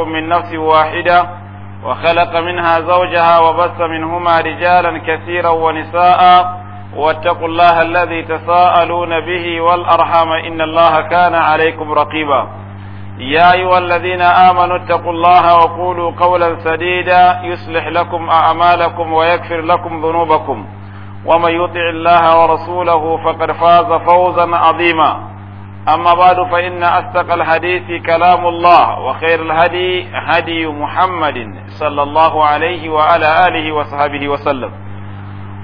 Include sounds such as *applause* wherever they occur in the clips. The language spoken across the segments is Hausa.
من نفس واحدة وخلق منها زوجها وبث منهما رجالا كثيرا ونساء واتقوا الله الذي تساءلون به والأرحام إن الله كان عليكم رقيبا يا أيها الذين آمنوا اتقوا الله وقولوا قولا سديدا يصلح لكم أعمالكم ويكفر لكم ذنوبكم ومن يطع الله ورسوله فقد فاز فوزا عظيما أما بعد فإن أصدق الحديث كلام الله وخير الهدي هدي محمد صلى الله عليه وعلى آله وصحبه وسلم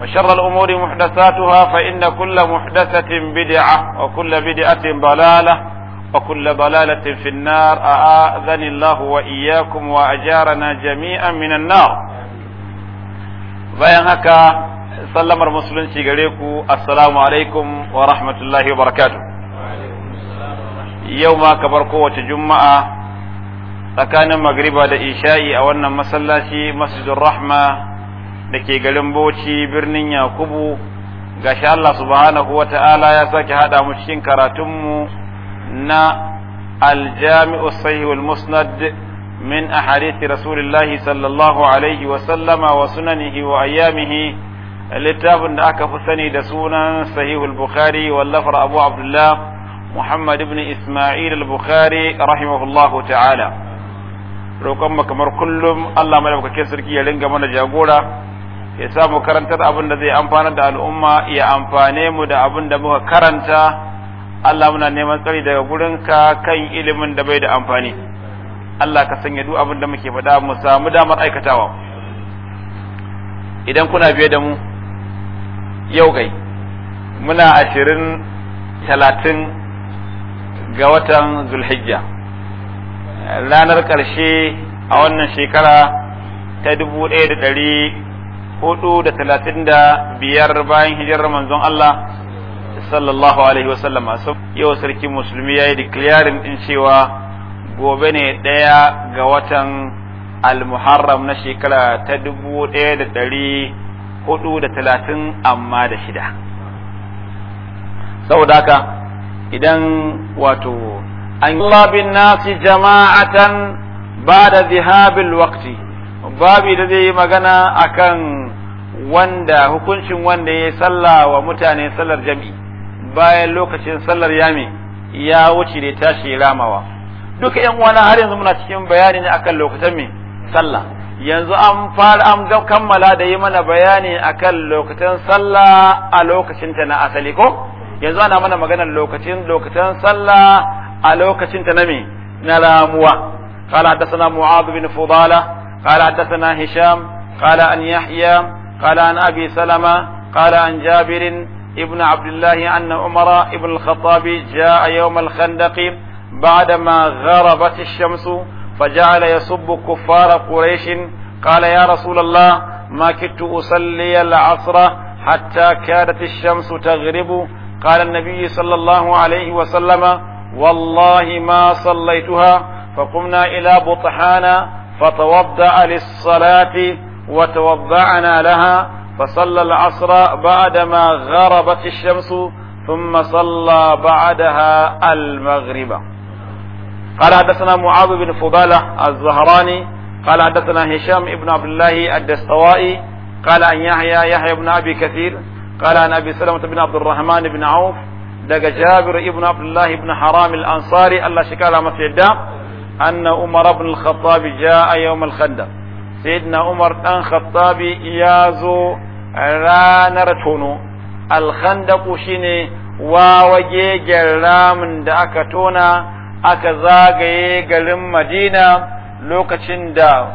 وشر الأمور محدثاتها فإن كل محدثة بدعة وكل بدعة ضلالة وكل ضلالة في النار أعاذني الله وإياكم وأجارنا جميعا من النار بيان هكا سلم المسلمين عليكم السلام عليكم ورحمة الله وبركاته yau ma kamar kowace juma'a tsakanin magriba da isha'i a wannan masallaci masjidun rahma da ke garin bauchi birnin yakubu ga shi Allah subhanahu wa ta'ala ya sake haɗa mu cikin karatunmu na aljami'u sahihul musnad min ahadithi rasulillahi sallallahu alaihi wa sallama wa sunanihi wa ayyamihi littafin da aka fi sani da sunan sahihul bukhari wallafar abu abdullah Muhammad ibn Ismail al-Bukhari rahimahullahu ta'ala roƙon mu kamar kullum Allah madaukakin sarki ya ringa mana jagora ya samu karantar abin da zai amfana da al'umma ya amfane mu da abin da muka karanta Allah muna neman tsari daga gurinka kan ilimin da bai da amfani Allah ka sanya duk abin da muke faɗa mu samu damar aikatawa idan kuna biye da mu yau gai muna ashirin talatin ga watan zulhijja ranar ƙarshe a wannan shekara ta dubu ɗaya da ɗari hudu da talatin da biyar bayan hijirar manzon Allah sallallahu alaihi wasallam yau sarki musulmi ya yi dikiliyarin ɗin cewa gobe ne ɗaya ga watan almuharram na shekara ta dubu ɗaya da ɗari hudu da talatin amma da shida saboda haka idan wato an labin nasi jama'atan ba da zihabin wakti babi da zai yi magana akan wanda hukuncin wanda ya sallah wa mutane sallar jam'i bayan lokacin sallar yami ya wuce da tashi ramawa duka yan uwana har yanzu muna cikin bayani ne akan lokutan mai sallah yanzu an fara an kammala da yi mana bayani akan lokutan sallah a lokacin ta na asali ko yanzu ana mana maganar lokacin lokacin sallah a lokacin ta na na ramuwa قال حدثنا معاذ بن فضالة قال حدثنا هشام قال أن يحيى قال عن أبي سلمة قال عن جابر ابن عبد الله أن عمر ابن الخطاب جاء يوم الخندق بعدما غربت الشمس فجعل يسب كفار قريش قال يا رسول الله ما كدت أصلي العصر حتى كادت الشمس تغرب قال النبي صلى الله عليه وسلم والله ما صليتها فقمنا إلى بطحانا فتوضأ للصلاة وتوضعنا لها فصلى العصر بعدما غربت الشمس ثم صلى بعدها المغرب قال حدثنا معاذ بن فضالة الزهراني قال حدثنا هشام بن عبد الله الدستوائي قال أن يحيى يحيى بن أبي كثير قال عن أبي سلمة بن عبد الرحمن بن عوف daga Jabir ibn ibn Haram al-Ansari Allah shi kara masa Umar ibn al-Khattab jaa ranar tono al shine wawage ramin da aka tona aka zagaye garin Madina lokacin da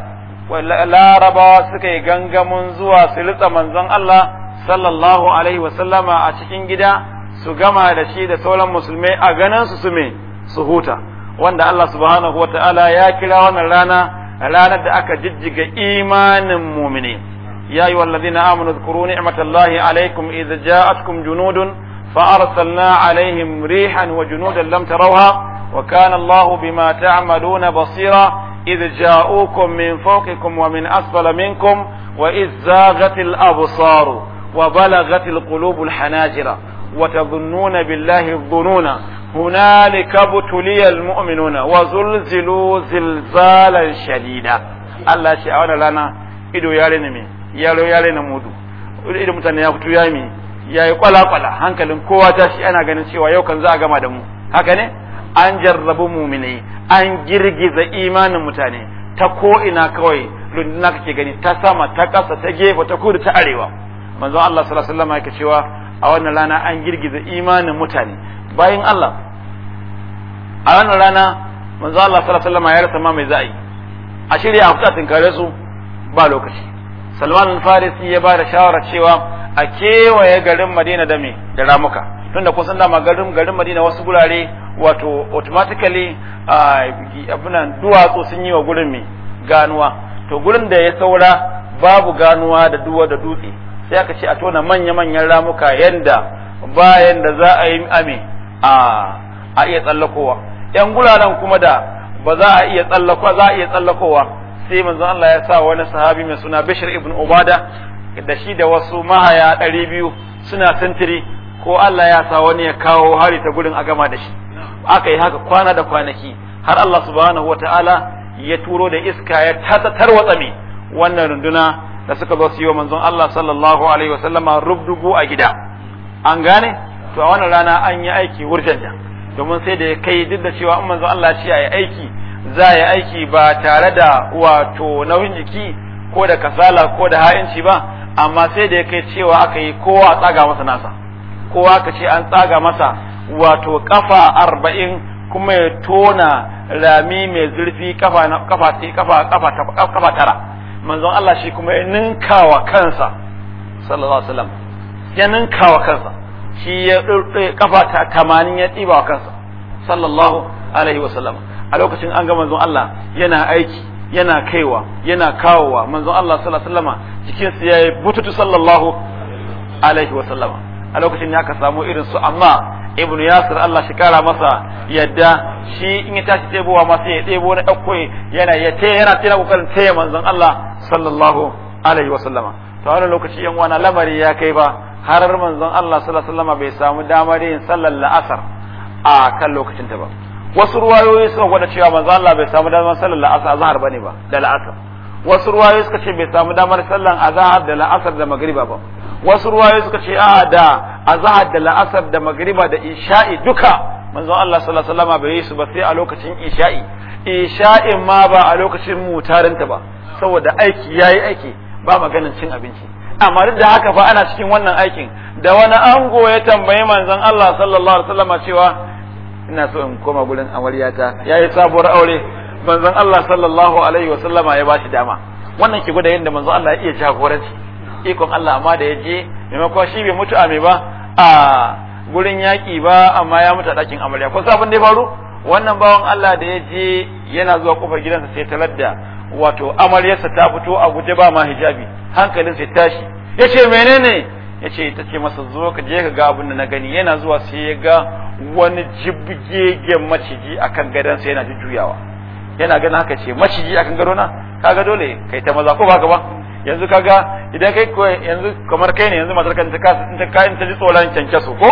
larabawa gangamin zuwa manzon Allah sallallahu alaihi wasallama a cikin gida su gama da shi da sauran musulmai a ganin su su su huta wanda Allah subhanahu wataala ya kira wannan rana ranar da aka jijjiga imanin mu'mini ya ayyuhal ladzina amanu dhkuru ni'matallahi alaikum idza ja'atkum junudun fa arsalna alaihim rihan wa junudan lam tarawha وكان الله بما تعملون basira إذ جاءوكم من فوقكم ومن أسفل منكم وإذ زاغت الأبصار وبلغت القلوب الحناجر وتظنون بالله الظنون هنالك ابتلي المؤمنون وزلزلوا زلزالا شديدا Allah ce a rana ido ya rena me yaro ya mudu mutane ya fito ya me ya yi kwala-kwala hankalin kowa ta shi ana ganin cewa yau kan za a gama da mu haka ne an jarrabu muminai an girgiza imanin mutane ta ko ina kawai runduna kake gani ta sama ta ƙasa ta gefe ta kudu ta arewa manzo Allah sallallahu alaihi wasallam yake cewa a wannan rana an girgiza imanin mutane bayan Allah a wannan rana manzo Allah sallallahu alaihi wasallam ya rasa ma mai za'i a shirya a fita tinkare su ba lokaci Salman al-Farisi ya ba da shawara cewa a kewaye garin Madina da me da ramuka tunda kun san dama garin garin Madina wasu gurare wato automatically abunan duwatsu sun yi wa gurin me ganuwa to gurin da ya saura babu ganuwa da duwa da dutse sai aka ce a tona manya-manyan ramuka yanda bayan da za a yi ame a iya tsallakowa yan guraren kuma da ba za a iya tsallakowa za a iya tsallakowa sai manzo Allah ya sa wani sahabi mai suna Bashir ibn Ubada da shi da wasu mahaya ɗari biyu suna sintiri ko Allah ya sa wani ya kawo hari ta gurin a gama da shi aka yi haka kwana da kwanaki har Allah subhanahu wataala ya turo da iska ya wa tsami wannan runduna da suka zo su yi wa manzon Allah sallallahu alaihi wa sallama rubdugu a gida an gane to a wannan rana an yi aiki wurjanja domin sai da ya kai duk da cewa in manzon Allah shi ya aiki za ya aiki ba tare da wato nauyin jiki ko da kasala ko da ha'inci ba amma sai da ya kai cewa aka yi kowa tsaga masa nasa kowa aka ce an tsaga masa wato kafa arba'in kuma ya tona rami mai zurfi kafa kafa kafa tara manzon Allah shi kuma ya ninkawa kansa sallallahu alaihi wasallam ya ninkawa kansa shi ya kafa ta tamanin ya ɗiba wa kansa sallallahu alaihi wasallam a lokacin an ga manzon Allah yana aiki yana kaiwa yana kawowa manzon Allah sallallahu alaihi wasallam cikin ya yi bututu sallallahu alaihi wasallam a lokacin ya ka samu irin su amma ibnu yasir Allah shi kara masa yadda shi in ya tashi ɗebowa ma sai ya tebo na ɗauko yana ya te yana te na kokarin taya manzon Allah sallallahu alaihi wa sallama to a lokaci yan wana lamari ya kai ba har manzon Allah sallallahu alaihi wa sallama bai samu damar yin sallar la'asar a kan lokacin ta ba wasu ruwayoyi suka gwada cewa manzon Allah bai samu damar sallar la'asar a bane ba da la'asar wasu ruwayoyi suka ce bai samu damar sallar zahar da la'asar da magriba ba wasu ruwayoyi suka ce a da azhar da la'asar da magriba da isha'i duka manzon Allah sallallahu alaihi wasallam bai yi su ba sai a lokacin isha'i isha'i ma ba a lokacin mutarinta ba saboda aiki yayi aiki ba maganin cin abinci amma duk da haka fa ana cikin wannan aikin da wani ango ya tambayi manzon Allah sallallahu alaihi wasallam cewa ina so in koma gurin amaryata yayi sabuwar aure manzon Allah sallallahu alaihi wasallama ya bashi dama wannan ke gwada yadda manzon Allah ya iya jagoranci ikon Allah amma da ya je maimakon shi bai mutu a mai ba a gurin yaƙi ba amma ya mutu a ɗakin amarya ko sabon da ya faru wannan bawan Allah da ya je yana zuwa kofar gidansa sai talar da wato amaryarsa ta fito a guje ba ma hijabi hankalin sai tashi ya ce menene ya ce ta ce masa zo ka je ka ga abin da na gani yana zuwa sai ya ga wani jibgegen maciji a kan gadonsa yana jujjuyawa yana ganin haka ce maciji a akan gadona kaga dole kai ta maza ko ba ka ba yanzu kaga idan kai ko yanzu kamar kai ne yanzu matar ka ta kasa ta kayan ta ji tsoron kyankyaso ko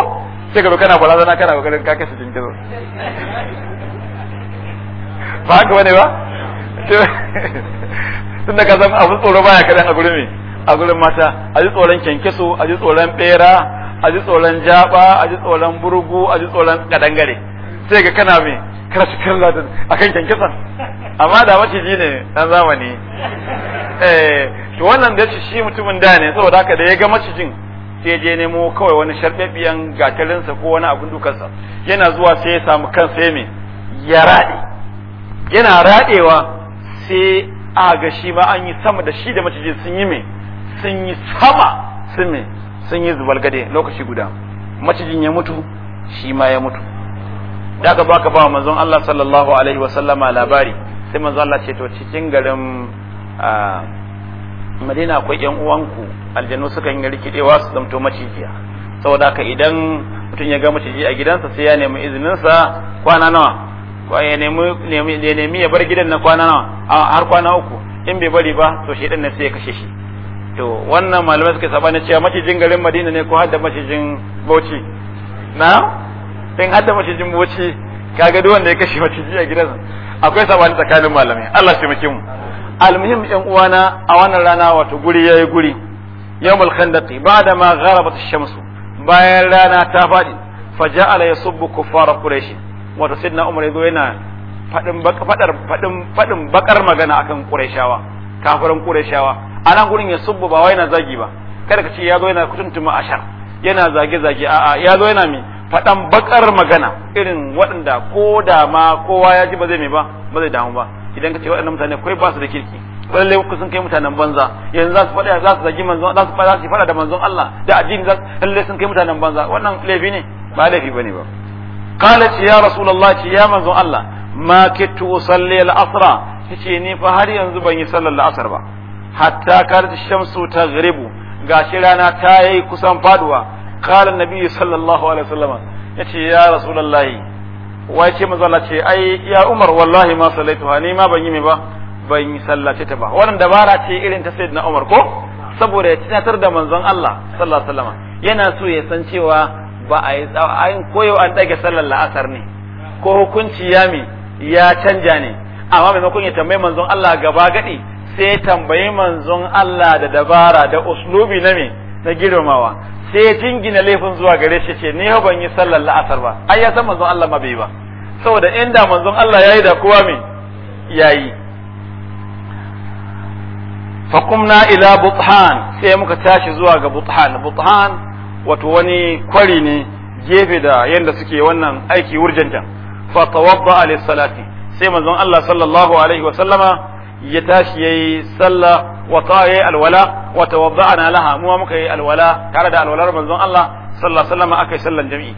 sai ka kana barazana kana kokarin ka kasa kyankyaso ba haka bane ba *laughs* da ka san abu tsoro baya kadan a gurin me a gurin mata a ji tsoron kyankyaso a ji tsoron bera a ji tsoron jaba a ji tsoron burgu a ji tsoron kadangare sai ga kana me karsu karla akan kyankyasan amma da ji ne dan zamani eh to wannan da shi mutumin da ne saboda haka da ya ga macijin sai je nemo kawai wani sharbebiyan gatalinsa ko wani abun dukansa yana zuwa sai ya samu kan sai me ya raɗe yana raɗewa sai a ga shi ma an yi sama da shi da macijin sun yi me sun yi sama sun me sun yi zubar gade lokaci guda macijin ya mutu shi ma ya mutu da aka baka ba manzon Allah sallallahu alaihi wa sallama labari sai manzon Allah ce to cikin garin Madina akwai yan uwanku aljanu suka yi rikidewa su zamto macijiya saboda ka idan mutum ya ga maciji a gidansa sai ya nemi izinin sa kwana nawa ko ya nemi ya nemi ya bar gidan na kwana nawa a har kwana uku in bai bari ba to shedan ne sai ya kashe shi to wannan malamai suka saba ne cewa macijin garin Madina ne ko har da macijin Bauchi na in hada macijin boci kaga duk wanda ya kashe maciji a gidan akwai sabani tsakanin malamai Allah ya mu almuhim yan uwana a wannan rana wato guri yayi guri yawmul khandaqi ba'da ma gharabat ash-shamsu bayan rana ta fadi faja'ala yasubbu kuffar quraish wato sidna umar yazo yana fadin fadar fadin fadin bakar magana akan qurayshawa kafirin qurayshawa anan gurin yasubbu ba wai na zagi ba kada ka ce yazo yana kutuntuma ashar yana zage zage a'a yazo yana me faɗan bakar magana irin waɗanda ko da ma kowa ya ji ba zai mai ba ba zai damu ba idan ka ce waɗannan mutane kai ba su da kirki lallai ku sun kai mutanen banza yanzu za su faɗa za su zagi manzon za su faɗa su faɗa da manzon Allah da addini za lallai sun kai mutanen banza wannan laifi ne ba laifi bane ba qala ce ya rasulullah ce ya manzon Allah ma kitu usalli al-asra kace ni fa har yanzu ban yi sallar al-asr ba hatta kar shamsu taghribu gashi rana ta yi kusan faduwa قال النبي sallallahu alaihi عليه yace ya يا wai ce manzo Allah ai ya Umar wallahi ma sallaituha ni ma ban yi me ba ban yi sallace ta ba wannan dabara ce irin ta sayyidina Umar ko saboda ya tunatar da manzon Allah sallallahu alaihi wasallam yana so ya san cewa ba a yi an koyo an dage sallar la'asar ne ko hukunci ya me ya canja ne amma maimakon ya tambayi manzon Allah gaba gadi sai tambayi manzon Allah da dabara da uslubi na me na girmamawa sai ya jingina laifin zuwa gare shi ce ni ban yi sallar la'asar ba ai ya san manzon Allah ma bai ba saboda inda manzon Allah yayi da kowa me yayi fa kumna ila buthan sai muka tashi zuwa ga buthan buthan wato wani kwari ne gefe da yanda suke wannan aiki wurjanjan fa tawadda lis salati sai manzon Allah sallallahu alaihi wa sallama ya tashi yayi sallah wa taye alwala wa tawadda'na laha mu muka yi alwala tare da alwalar manzon Allah sallallahu alaihi wasallam akai sallan jami'i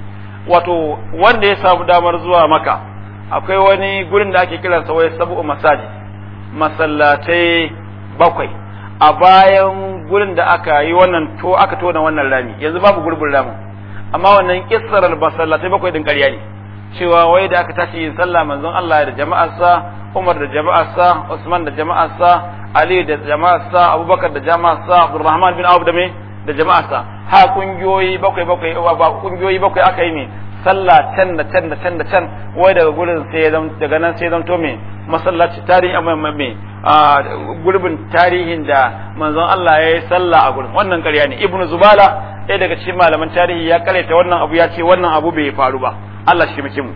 wato wanda ya samu damar zuwa maka akwai wani gurin da ake kiransa wai sab'u masaji masallatai bakwai a bayan gurin da aka yi wannan to aka tona wannan rami yanzu babu gurbin ramin amma wannan kissar masallatai bakwai din ƙarya ne cewa wai da aka tashi yin sallah manzon Allah da jama'arsa Umar da jama'arsa Usman da jama'arsa ali da jama'a sa abubakar da jama'a sa abdurrahman bin awf da me da jama'a sa ha kungiyoyi bakwai bakwai ba kungiyoyi bakwai aka yi ne sallah can da can da can da can wai daga gurin sai ya daga nan sai ya zamto me masallaci tarihi me gurbin tarihin da manzon Allah ya yi sallah a gurin wannan ƙarya ne Ibn zubala ɗaya daga cikin malaman tarihi ya karaita wannan abu ya ce wannan abu bai faru ba Allah shi mu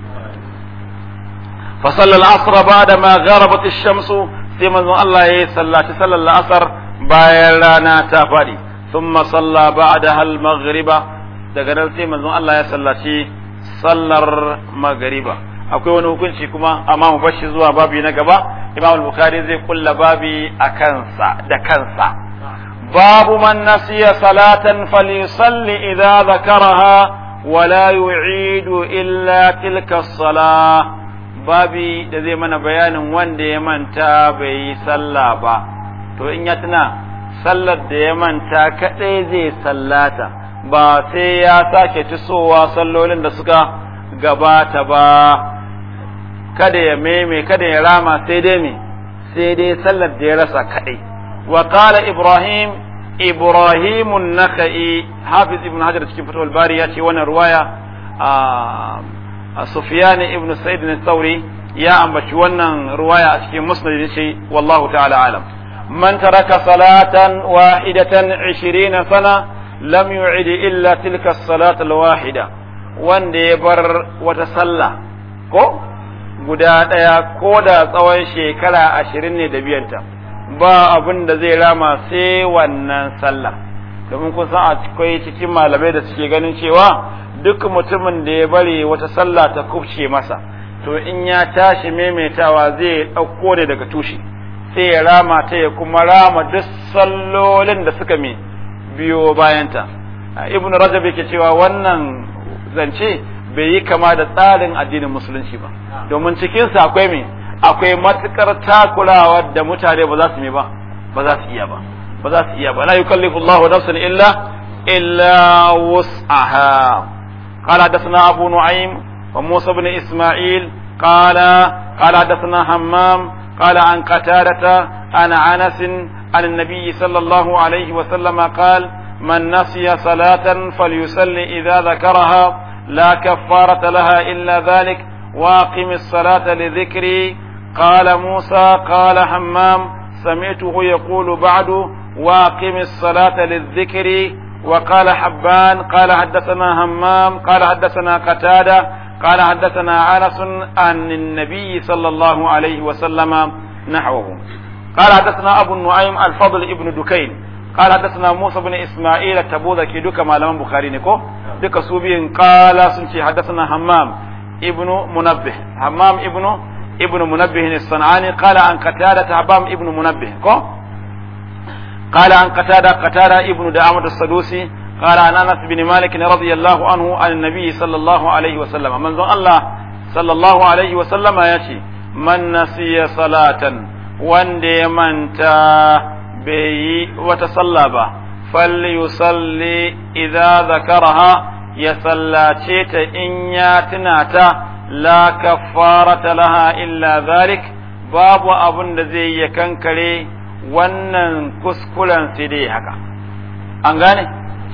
fa sallal asra ba'da ma gharabat ash-shamsu sai manzon Allah ya sallaci sallar la'asar bayan rana ta faɗi thumma salla da hal maghriba daga nan sai manzon Allah ya sallaci sallar maghriba akwai wani hukunci kuma amma mu bashi zuwa babi na gaba Imam al-Bukhari zai kulla babi a kansa da kansa babu man nasiya salatan falisalli idza zakaraha yu'idu illa إلا تلك الصلاة babi da zai mana bayanin wanda ya manta bai yi sallah ba to in ya tuna sallar da ya manta kaɗai zai sallata ba sai ya sake tisowa sallolin da suka gabata ba kada ya meme kada ya rama sai dai me sai dai sallar da ya rasa kaɗai wa qala ibrahim ibrahimun nakhai hafiz ibn hajar cikin fatul bari ya ce wannan ruwaya ah, sufiyani ibn Sa'id ibn thawri ya ambaci wannan ruwaya a cikin musnad shi wallahu ta'ala alam man taraka salatan wahidatan 20 sana lam yu'id illa tilka as-salata al-wahida wanda ya bar wata sallah ko guda daya ko da tsawon shekara 20 ne da biyanta ba abin da zai rama sai wannan sallah domin kun san akwai cikin malamai da suke ganin cewa duk mutumin da ya bari wata sallah ta kubce masa to in ya tashi maimaitawa zai ɗauko ne daga tushe sai ya rama ta ya kuma rama duk sallolin da suka mi biyo bayanta ibn rajab yake cewa wannan zance bai yi kama da tsarin addinin musulunci ba domin cikinsa akwai me akwai matukar takurawa da mutane ba za su me ba ba za su iya ba ba za su iya ba la yukallifu Allahu nafsan illa illa wus'aha قال حدثنا أبو نعيم وموسى بن إسماعيل قال قال حدثنا همام قال عن قتادة عن أنس عن النبي صلى الله عليه وسلم قال من نسي صلاة فليصلي إذا ذكرها لا كفارة لها إلا ذلك واقم الصلاة لذكري قال موسى قال حمام سمعته يقول بعد واقم الصلاة للذكر وقال حبان قال حدثنا همام قال حدثنا قتادة قال حدثنا أنس عن النبي صلى الله عليه وسلم نحوه قال حدثنا أبو النعيم الفضل ابن دكين قال حدثنا موسى بن إسماعيل التبوذكي دك مالما بخاري نكو دك سوبين قال سنتي حدثنا همام ابن منبه همام ابن ابن منبه الصنعاني قال عن قتادة همام ابن منبه كو قال عن قتادة قتادة ابن دعامة السدوسي قال عن أنس بن مالك رضي الله عنه عن النبي صلى الله عليه وسلم من ذو الله صلى الله عليه وسلم يأتي من نسي صلاة وندي من تا بي وتصلى فليصلي إذا ذكرها يصلى تيت إن ياتناتا لا كفارة لها إلا ذلك باب أبن ذي يكنكري wannan kuskuren sai dai haka an gane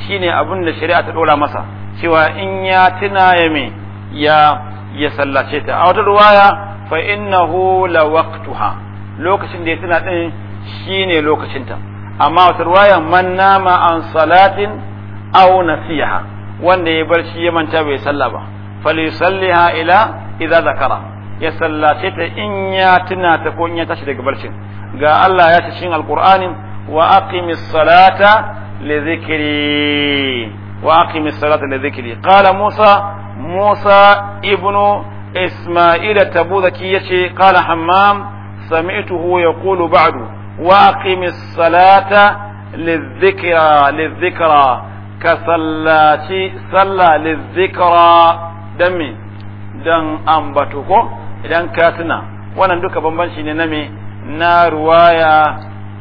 shine abin da shari'a ta dora masa cewa in ya tuna ya me ya ya sallace ta a wata ruwaya fa innahu la waqtuha lokacin da ya tuna din shine lokacin ta amma wata ruwaya man nama an salatin aw nasiha wanda ya bar shi ya manta bai salla ba falyusalliha ila idza zakara ya sallace ta in ya tuna ta ko in ya tashi daga barcin ga Allah ya ce shin alqur'anin wa aqimis salata li dhikri wa aqimis salata li dhikri qala musa musa ibnu isma'ila tabuzaki yace qala hammam sami'tuhu yaqulu ba'du wa aqimis salata للذكرى للذكرى كصلاتي صلى للذكرى دمي دن أنبتكم idan ka wannan duka bambanci ne na me na ruwaya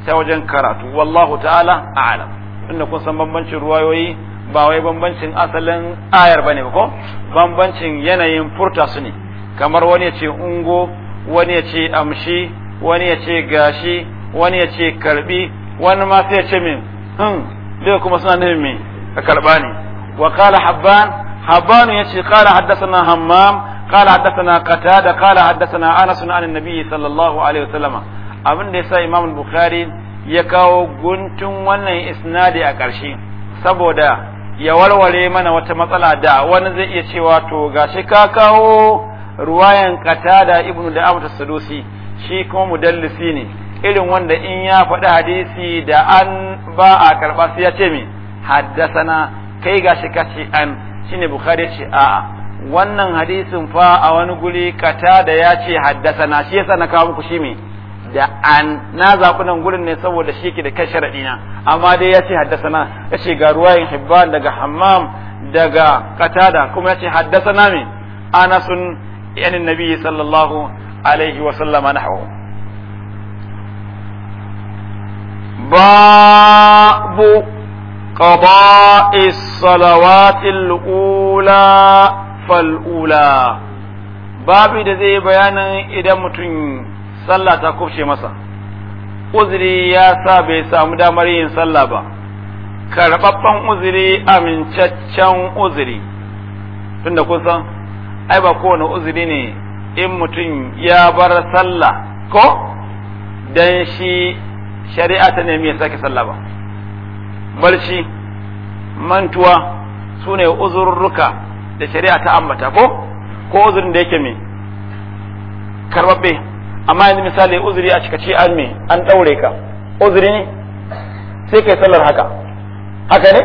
ta wajen karatu wallahu ta'ala a'lam inda kun san bambancin ruwayoyi ba wai bambancin asalin ayar bane ba ko bambancin yanayin furta su ne kamar wani ya ce ungo wani ya ce amshi wani ya ce gashi wani ya ce karbi wani ma sai ya ce min hin hmm, duka kuma suna nufin me ka karba ne wa qala habban habban ya ce qala haddathana hammam قال حدثنا قتاده قال حدثنا انس عن النبي صلى الله عليه وسلم abin da yasa Imam ya kawo guntun wannan isnadi a ƙarshe saboda ya warware mana wata matsala da wani zai iya cewa to gashi ka kawo ruwayan da ibnu da amta sadusi shi kuma mudallisi ne irin wanda in ya faɗi hadisi da an ba a karɓa sai ya ce haddasa haddasana kai gashi ka ce an shine Bukhari ya ce a'a wannan hadisin fa a wani guri kata da ya ce haddasa na shi yasa na kawo muku shi me da an na zaku nan gurin ne saboda shi ke da kai sharaɗi na amma dai ya ce haddasa na ya ce ga ruwayin hibban daga hammam daga katada kuma ya ce haddasa na me anasun yanin nabi sallallahu alaihi wa sallama nahwu babu qada'is salawatil ula fal'ula babu da zai bayanin idan mutum sallah ta kufce masa uzuri ya sa bai samu damar yin sallah ba karɓaɓɓen uzuri amincaccen uzuri tunda kusan san ai ba kowane uzuri ne in mutum ya bar sallah ko dan shi shari'a ta nemi ya sake sallah ba barci mantuwa su ne uzurruka da shari'a ta ambata ko ko uzurin da yake me karbabbe amma yanzu misali uzuri a cikace an me an daure ka uzuri ne sai kai sallar haka haka ne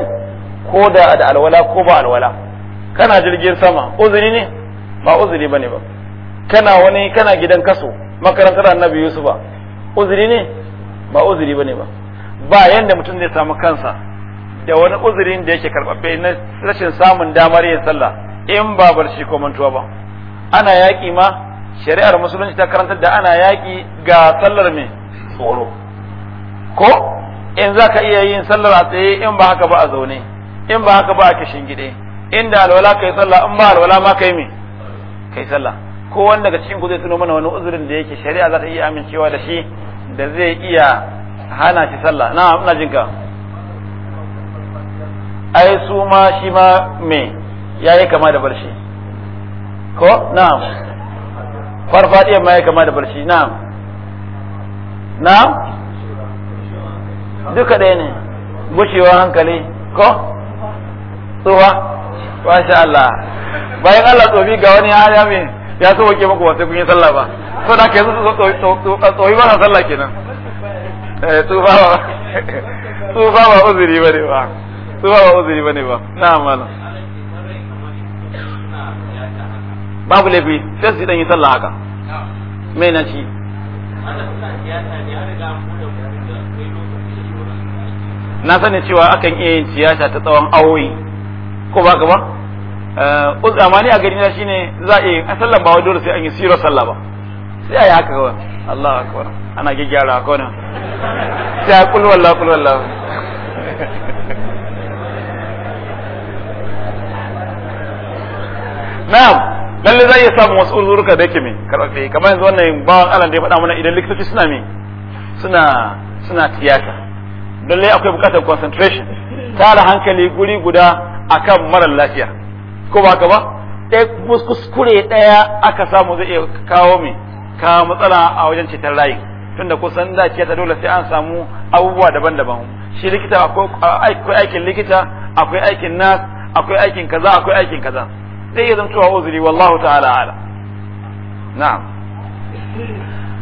ko da da alwala ko ba alwala kana jirgin sama uzuri ne ba uzuri bane ba kana wani kana gidan kaso makarantar annabi yusufa uzuri ne ba uzuri bane ba ba yanda mutum zai samu kansa da wani uzurin da yake karɓaɓɓe na rashin samun damar yin sallah in ba barci ko mantuwa ba ana yaƙi ma shari'ar musulunci ta karanta da ana yaƙi ga sallar mai tsoro ko in za ka iya yin sallar a tsaye in ba haka ba a zaune in ba haka ba a kishin gide da alwala kai sallah in ba alwala ma kai me kai sallah ko wanda daga cikin ku zai tuno mana wani uzurin da yake shari'a za ta iya amincewa da shi da zai iya hana shi sallah na ina jinka ai su ma shi ma me yayi kama da barshi ko na'am farfadiyar ma yayi kama da barshi na'am na'am duka ɗaya ne gushewar hankali ko tsuwa masha Allah bayan Allah tsofi ga wani ya mai ya so wake muku wasu kun yi sallah ba so da kai zuwa tsofi ba sallah kenan eh, tsufa ba *laughs* tsufa ba uzuri ba ne ba su ba ba uzuri bane ba na'am malam babu laifi sai su dan yi sallah haka me na ci na sani cewa akan iya yin tiyata ta tsawon awoyi ko ba ka ba eh, amma ni a gari na shine za a yi a sallan ba dole sai an yi siro sallah ba sai a yi haka kawai Allah akbar ana gyaggyara kawai sai a kulwallah kulwallah *laughs* na'am lalle zai iya samun wasu uzurruka da yake mai karɓaɓɓe kamar yanzu wannan bawan Allah da ya faɗa mana idan likitoci suna mai suna suna tiyata lalle akwai buƙatar concentration tara hankali guri guda akan mara lafiya ko ba ka ba ɗaya kuskure ɗaya aka samu zai iya kawo mai ka matsala a wajen ceton rayu tunda kusan da ke dole sai an samu abubuwa daban-daban shi likita akwai aikin likita akwai aikin nas akwai aikin kaza akwai aikin kaza zai iya zantowa uzuri wallahu ta'ala ala na'am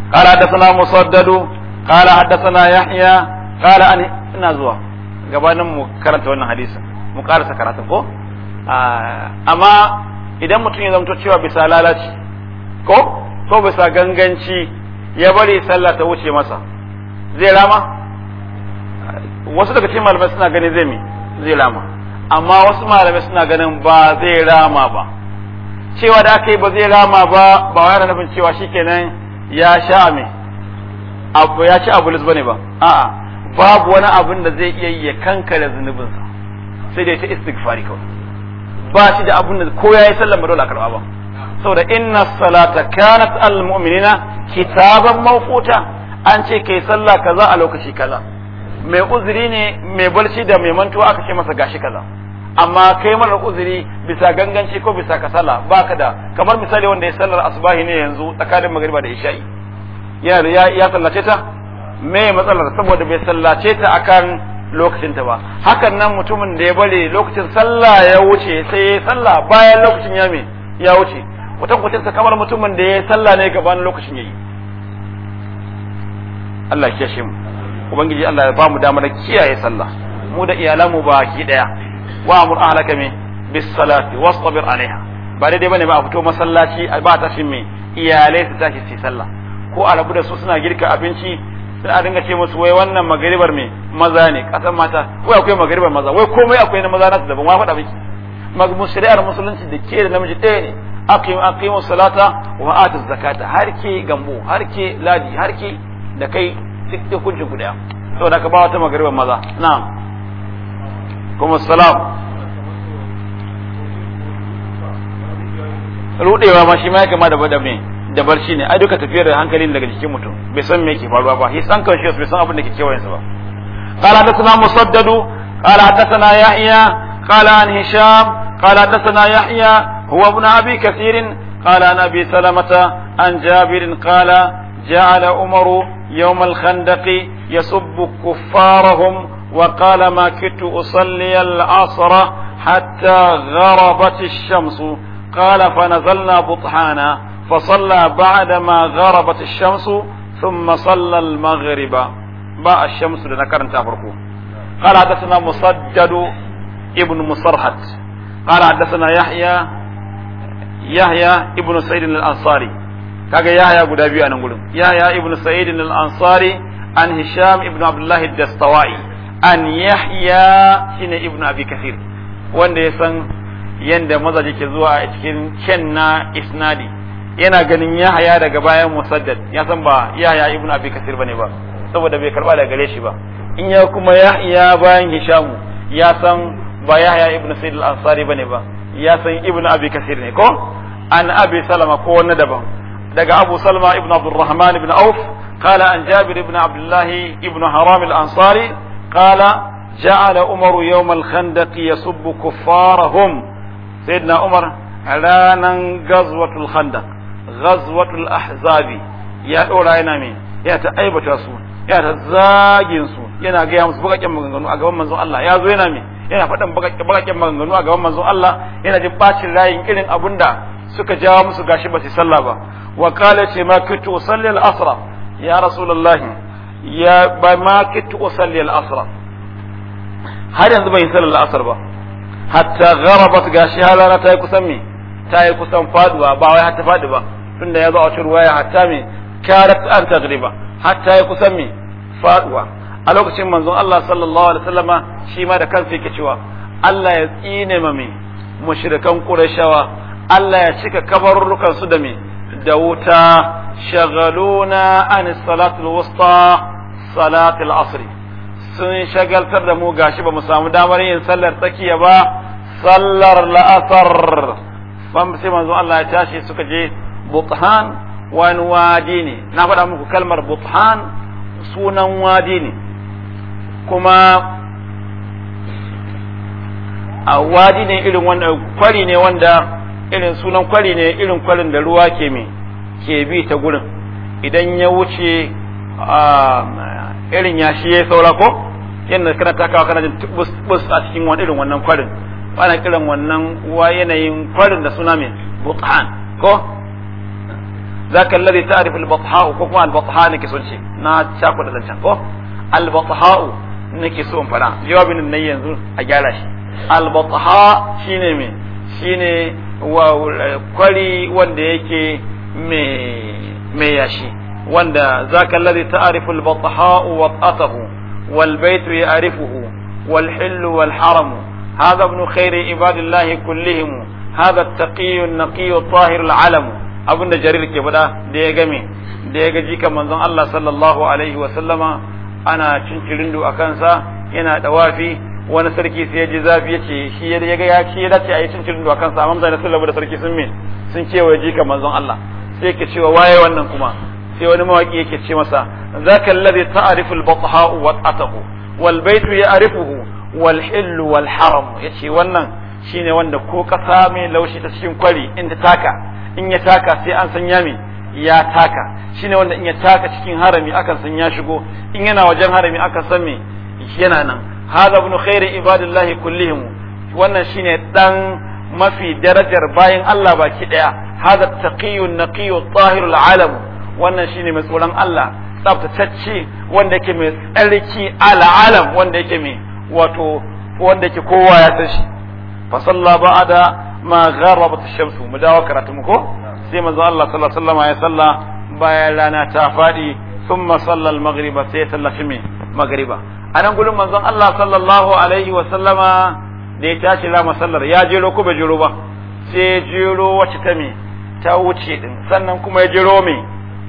قال حدثنا مسدد قال حدثنا yahya قال أن ina zuwa gabanin mu karanta wannan hadisin mu karasa karatu ko ah, amma idan mutum ya zanto cewa bisa lalaci ko ko bisa ganganci ya bari sallah ta wuce masa zai rama wasu daga cikin malamai suna gani zai mi zai rama amma wasu malamai suna ganin ba zai rama ba cewa da aka yi ba zai rama ba ba wai nufin cewa shikenan ya sha abu ya ci abu bane ba a'a babu wani abin da zai iya ya kankare zunubinsa sai dai ta istighfari kawai ba shi da abin da ko yayi sallan ba dole a karba ba saboda inna salata kanat al mu'minina kitaban mawquta an ce kai sallah kaza a lokaci kaza mai uzuri ne mai balci da mai mantuwa aka ce masa gashi kaza amma kai mara uzuri bisa ganganci ko bisa kasala baka da kamar misali wanda ya sallar asubahi ne yanzu tsakanin magariba da isha'i yana da ya sallace ta me matsalar saboda bai sallace ta akan lokacin ta ba hakan nan mutumin da ya bari lokacin sallah ya wuce sai ya sallah bayan lokacin ya me ya wuce watan kucin sa kamar mutumin da ya sallah ne gaban lokacin yayi Allah ya shi mu ubangiji Allah ya mu damar kiyaye sallah mu da iyalanmu baki daya wa amur ahlaka min bis salati wasbir alaiha ba daidai bane ba a fito masallaci ba ta shin me iyalai su tashi su sallah ko a rabu da su suna girka abinci sai a dinga ce musu wai wannan magaribar me maza ne kasan mata wai akwai magaribar maza wai komai akwai na maza na daban wa faɗa miki magmu shari'ar musulunci da ke da namiji ɗaya ne aqim aqimu salata wa atu zakata har ke gambo har ke ladi har ke da kai cikin hukunci guda saboda ka ba wata magariban maza na kuma salam rudewa ma shi ma ya kama da bada me da barci ne ai duka tafiyar da hankalin daga jikin mutum bai san me yake faruwa ba he san conscious bai san abin da ke kewayen sa ba qala hadathana musaddadu qala hadathana yahya qala an hisham qala hadathana yahya huwa ibn abi kathir qala an abi salamata an jabir qala جعل عمر يوم الخندق يسب كفارهم وقال ما كدت أصلي العصر حتى غربت الشمس قال فنزلنا بطحانا فصلى بعدما غربت الشمس ثم صلى المغرب باء الشمس كانت تفرقوا قال حدثنا مسجد ابن مصرحت قال حدثنا يحيى يحيى ابن سعيد الأنصاري kaga yaya guda biyu a nan gurin yaya ibnu sa'id al-ansari an hisham ibnu abdullah dastawai an yahya shine ibnu abi kathir wanda ya san yanda mazaje ke zuwa a cikin kenna na isnadi yana ganin yahya daga bayan musaddad ya san ba yahya ibnu abi kathir bane ba saboda bai karba daga gare shi ba in ya kuma yahya bayan hisham ya san ba yahya ibnu sa'id al-ansari bane ba ya san ibnu abi kathir ne ko an abi salama ko wani daban daga Abu Salma ibn Abdurrahman ibn Auf qala an Jabir ibn Abdullah ibn Haram al-Ansari qala ja'ala Umar yawm al-Khandaq yasubbu kuffarahum sayyidina Umar ranan gazwatul Khandaq gazwatul Ahzabi ya dora yana me ya ta aibata su ya ta zagin su yana gaya musu bakakken maganganu a gaban manzon Allah ya zo yana me yana faɗin bakakken maganganu a gaban manzon Allah yana jin bacin rayin irin abunda suka jawo musu gashi ba su sallah ba wa qala ce ma kuntu usalli al-asra ya rasulullahi ya ba ma kuntu usalli al-asra har yanzu bai sallar al-asr ba hatta gharabat gashi halana ta yi kusan me ta yi kusan faduwa ba wai hatta fadi ba tunda ya zo a ruwaya hatta me karat an tagriba hatta yi kusan me faduwa a lokacin manzon Allah sallallahu alaihi wasallama shi ma da kansa yake cewa Allah ya tsine ma me mushrikan Qurayshawa Allah ya cika kabarurrukan su da me da wuta shagaluna an salatul wusta salatul asri sun shagaltar da mu gashi ba mu samu damar yin sallar tsakiya ba sallar la'asar ban sai manzo Allah ya tashi suka je buthan wani wadi ne na faɗa muku kalmar buthan sunan wadi ne kuma a wadi ne irin wanda kwari ne wanda irin sunan kwari ne irin kwarin da ruwa ke mai ke bi ta gurin idan ya wuce irin shi ya saura ko yadda kana takawa kana jin bus a cikin wani irin wannan kwarin ana kiran wannan wa yanayin kwarin da suna mai buthan ko za ka alladhi ta arifin batha ko kuma al na ke son ce na chako da zancen ko al na ke son fara jawabin nan yanzu a gyara shi al ne shine shi shine Eh, kwari wanda yake mai yashi wanda zaka alladhi ta'rifu al-batha wa atahu wal baytu ya'rifuhu wal hillu wal haramu هذا ابن kullihim hadha at كلهم an التقي at-tahir al-alam da jarir ke faɗa da ya game da ya gaji kan manzon Allah sallallahu alaihi wa sallama ana cincirin a kansa yana dawafi wani sarki sai ya ji zafi ya ce shi ya ga ya shi ya dace a yi cin a duwakan sa amma sun sallabu da sarki sun me sun ji jika manzon Allah sai yake cewa waye wannan kuma sai wani mawaki yake ce masa zaka alladhi ta'rifu al-batha wa atahu wal baytu ya'rifuhu wal hillu wal haram yace wannan shine wanda ko kasa mai laushi ta cikin kwari in ta taka in ya taka sai an sanya yami ya taka shine wanda in ya taka cikin harami akan san ya shigo in yana wajen harami akan san me yana nan hadha ibn khairin ibadillahi kullihim wannan shine dan mafi darajar bayan Allah baki daya hada taqiyyu naqiyyu tahirul alam wannan shine mai tsoron Allah wanda yake mai tsarki al'alam wanda yake mai wato wanda yake kowa ya san shi fa salla ba'da ma gharabat ash mu dawo karatu mu ko sai manzo Allah sallallahu alaihi wasallam ya salla bayan rana ta fadi thumma salla maghriba sai ya mai a nan gurin manzon Allah sallallahu alaihi wa sallama da ya tashi la masallar ya jero ko bai jero ba sai jero wacce ta me ta wuce din sannan kuma ya jero me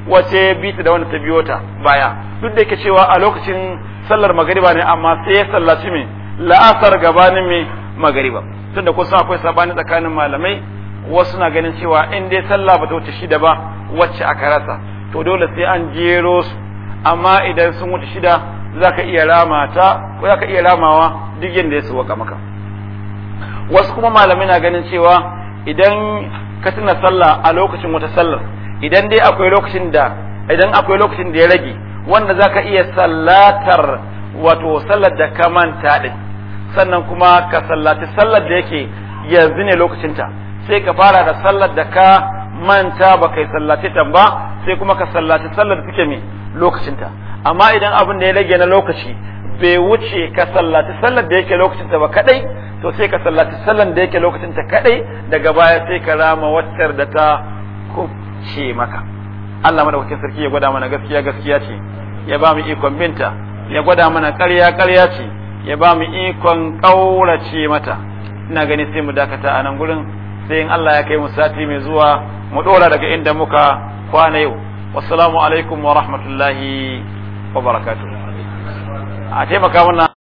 wace bita da wanda ta biyo ta baya duk da yake cewa a lokacin sallar magariba ne amma sai ya sallaci me la'asar gabanin me magariba tunda kusan akwai sabani tsakanin malamai wasu na ganin cewa in dai sallah ba ta wuce shida ba wacce aka rasa to dole sai an jero su amma idan sun wuce shida za ka iya ramata ko zaka iya ramawa duk yanda ya sauwaka maka wasu kuma malamai na ganin cewa idan ka tuna sallah a lokacin wata sallar idan dai akwai lokacin da idan akwai lokacin da ya rage wanda zaka iya sallatar wato sallar da ka manta din sannan kuma ka sallaci sallar da yake yanzu ne lokacinta sai ka fara da sallar da ka manta ba kai sallace ta ba sai kuma ka sallaci sallar da take me lokacinta amma idan abin da ya rage na lokaci bai wuce ka sallaci sallar da yake lokacin ta ba kadai to sai ka sallaci sallar da yake lokacin ta kadai daga baya sai ka rama wattar da ta kuce maka Allah madaukakin sarki ya gwada mana gaskiya gaskiya ce ya ba mu ikon binta ya gwada mana ƙarya ƙarya ce ya ba mu ikon ƙaurace mata ina gani sai mu dakata a nan gurin sai in Allah ya kai mu sati mai zuwa mu dora daga inda muka kwana yau wassalamu alaikum wa rahmatullahi wa barakatuh a taimaka mana